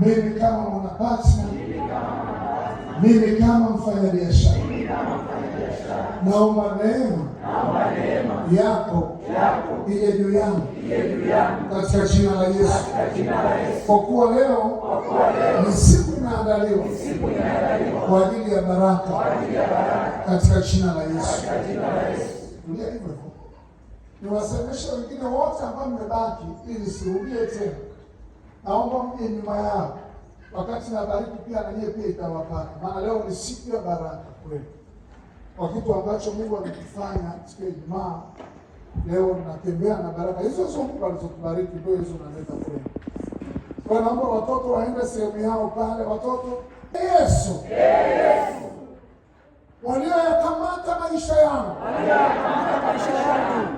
mimi kama mwanabatman, mimi kama mfanyabiashara, naomba neema yako ile juu yangu katika jina la Yesu, kwa kuwa leo ni siku inaandaliwa kwa ajili ya baraka katika jina la Yesu. Niwasemeshe wengine wote ambao mmebaki, ili sirudie tena naomba mje nyuma yao, wakati nabariki pia na nyie pia itawapata, maana leo ni siku ya baraka kweli kwa kitu ambacho Mungu amekifanya siku ya Ijumaa. Leo natembea na baraka hizo hizo Mungu alizokubariki ndio hizo naleta kwenu. Kwa naomba watoto waende sehemu yao pale, watoto Yesu, Yesu walioyakamata maisha yangu, walioyakamata maisha yangu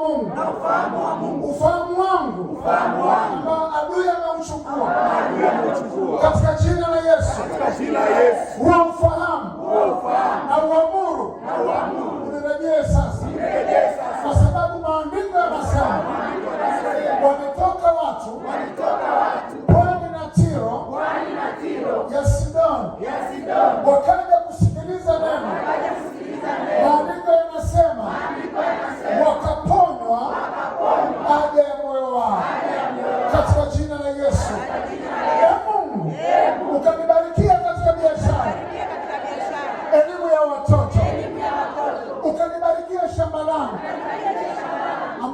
Mungu na ufahamu wa Mungu, ufahamu wangu ambao adui katika jina la Yesu, huwa ufahamu na uamuru unirejee sasa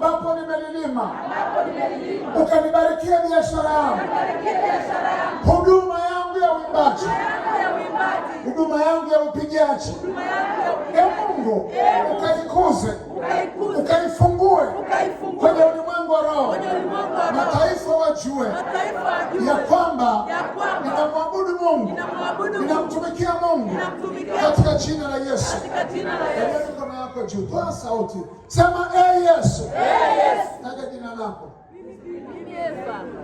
ambapo nimelilima, ukanibarikia biashara yangu, huduma yangu ya uimbaji, huduma yangu ya upigaji, ya Mungu ukaikuze, ukaifungue kwenye ulimwengu wa roho, mataifa wajue ya kwamba Mungu, ninamtumikia Mungu katika jina la Yesu. mikono yako juu, toa sauti, sema e Yesu, taja ee jina lako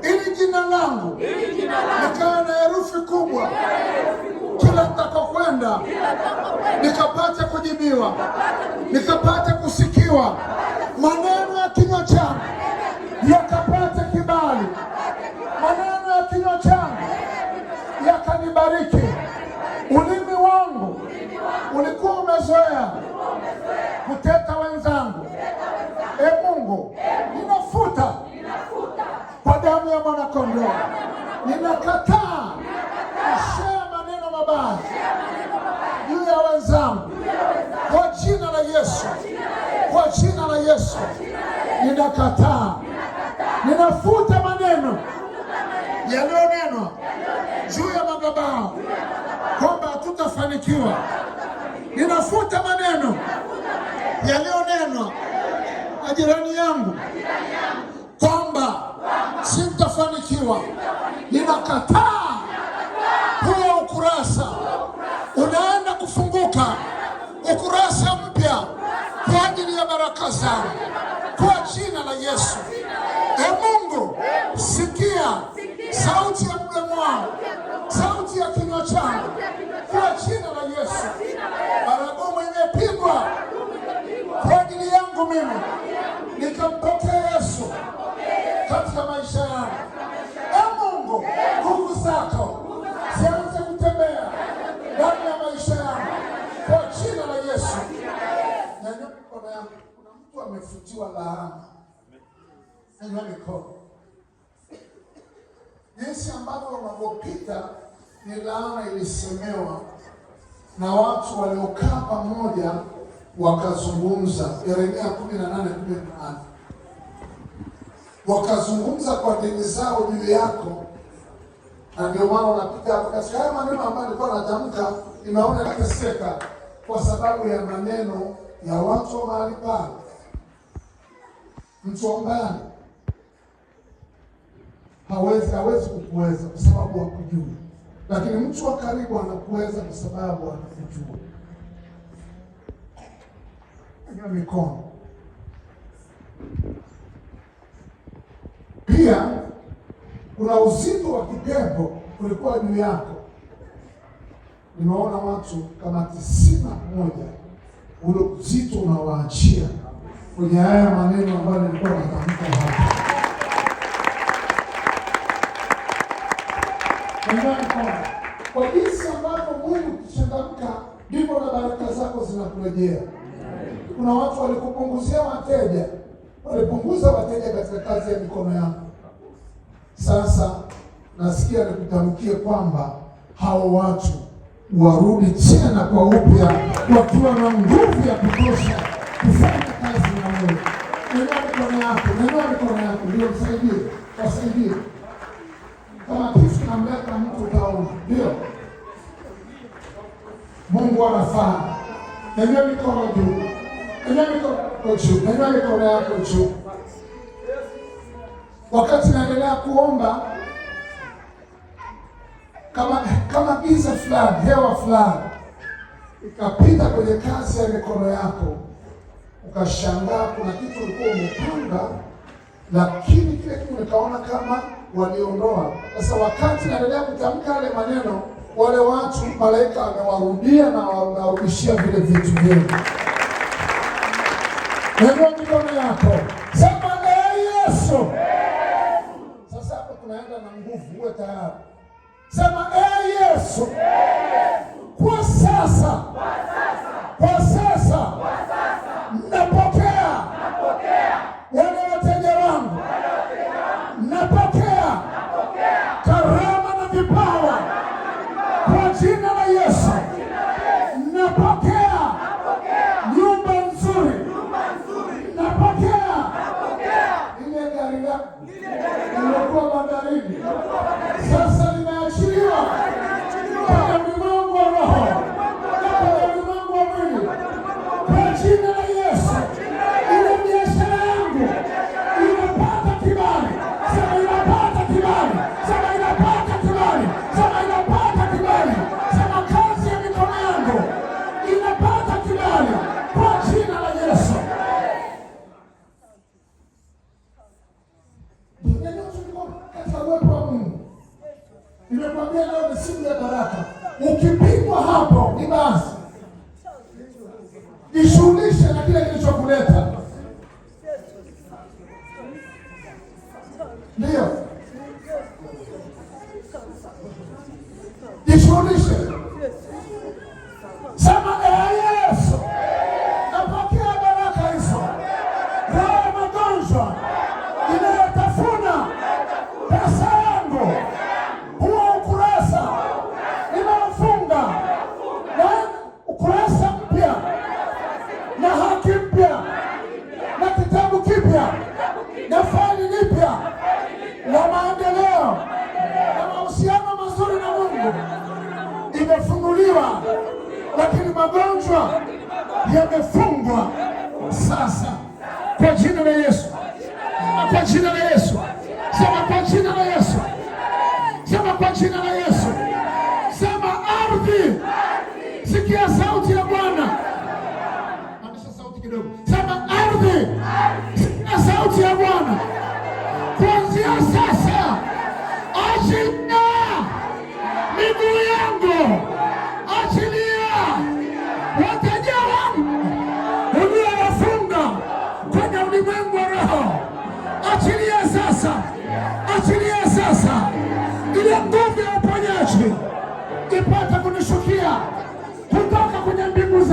ili jina langu nikawa na herufi kubwa kila nitakokwenda nikapate kujibiwa, nikapate kusikiwa, maneno ya kinywa changu yakapate kibali. amenibariki. Ulimi wangu ulikuwa umezoea kuteta wenzangu. E Mungu, ninafuta kwa damu ya mwanakondoo, ninakataa kushea maneno mabaya juu ya wenzangu kwa jina la Yesu, kwa jina la Yesu ninakataa, ninafuta maneno yaliyonenwa juu ya madhabahu kwamba hatutafanikiwa, ninafuta maneno yaliyonenwa na jirani yangu kwamba sintafanikiwa, ninakataa. mtu amefutiwa laana, nyanyua mikono. Jinsi ambavyo unavyopita ni laana ilisemewa na watu waliokaa pamoja wakazungumza. Yeremia kumi na nane kumi na nane wakazungumza kwa dini zao juu yako, na ndio maana unapiga hapo. Katika haya maneno ambayo nilikuwa natamka, nimeona nikiseka kwa sababu ya maneno ya watu wa mahali pale Mchombani hawezi hawezi kukuweza kwa sababu hakujui, lakini mtu wa karibu anakuweza kwa sababu anakujua. Hiyo mikono pia, kuna uzito wa kigembo ulikuwa juu yako. Nimeona watu kama tisini na moja ule uzito unawaachia kwenye haya maneno ambayo nilikuwa natamka hapa, kwa jinsi ambavyo mwili ukichangamka, ndipo na baraka zako zinakurejea. Kuna watu walikupunguzia wateja, walipunguza wateja katika kazi ya mikono yako. Sasa nasikia nikutamkie kwamba hao watu warudi tena kwa upya, wakiwa na nguvu ya kutosha kufanya kazi yako, inua mikono yako, inua mikono yako, ndio msaidie, wasaidie. Kama kisu kamleta mtu utaona, ndio Mungu anafanya. Inua mikono juu, inua mikono juu, inua mikono yako juu. Wakati naendelea kuomba kama kama giza fulani, hewa fulani ikapita kwenye kazi ya mikono yako ukashangaa kuna kitu ulikuwa umepanga, lakini kile kitu nikaona kama waliondoa. Sasa wakati naendelea kutamka yale maneno, wale watu malaika amewarudia na wawarudishia vile vitu vile. Neno mikono yako sema Yesu. Sasa hapo tunaenda na nguvu, uwe tayari, sema ee Yesu. uwepo wa Mungu. Nimekwambia leo ni siku ya baraka. Ukipigwa hapo ni basi, jishughulishe na kile kilichokuleta. Ndiyo, jishughulishe. Uma platina mereço. Uma platina mereço. é uma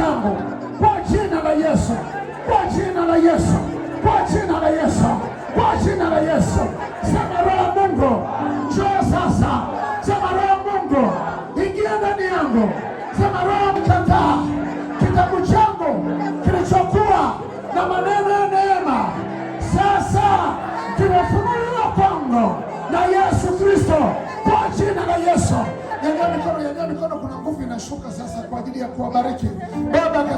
yangu kwa jina la Yesu, kwa jina la Yesu, kwa jina la Yesu, kwa jina la Yesu. Sema Roho Mungu, njoo sasa. Sema Roho Mungu, ingia ndani yangu. Sema Roho, mkataa kitabu changu kilichokuwa na maneno ya neema, sasa kimefunuliwa kwangu na Yesu Kristo, kwa jina la Yesu. Nyanyua mikono, nyanyua mikono, kuna nguvu inashuka sasa kwa ajili ya kuwabariki Baba.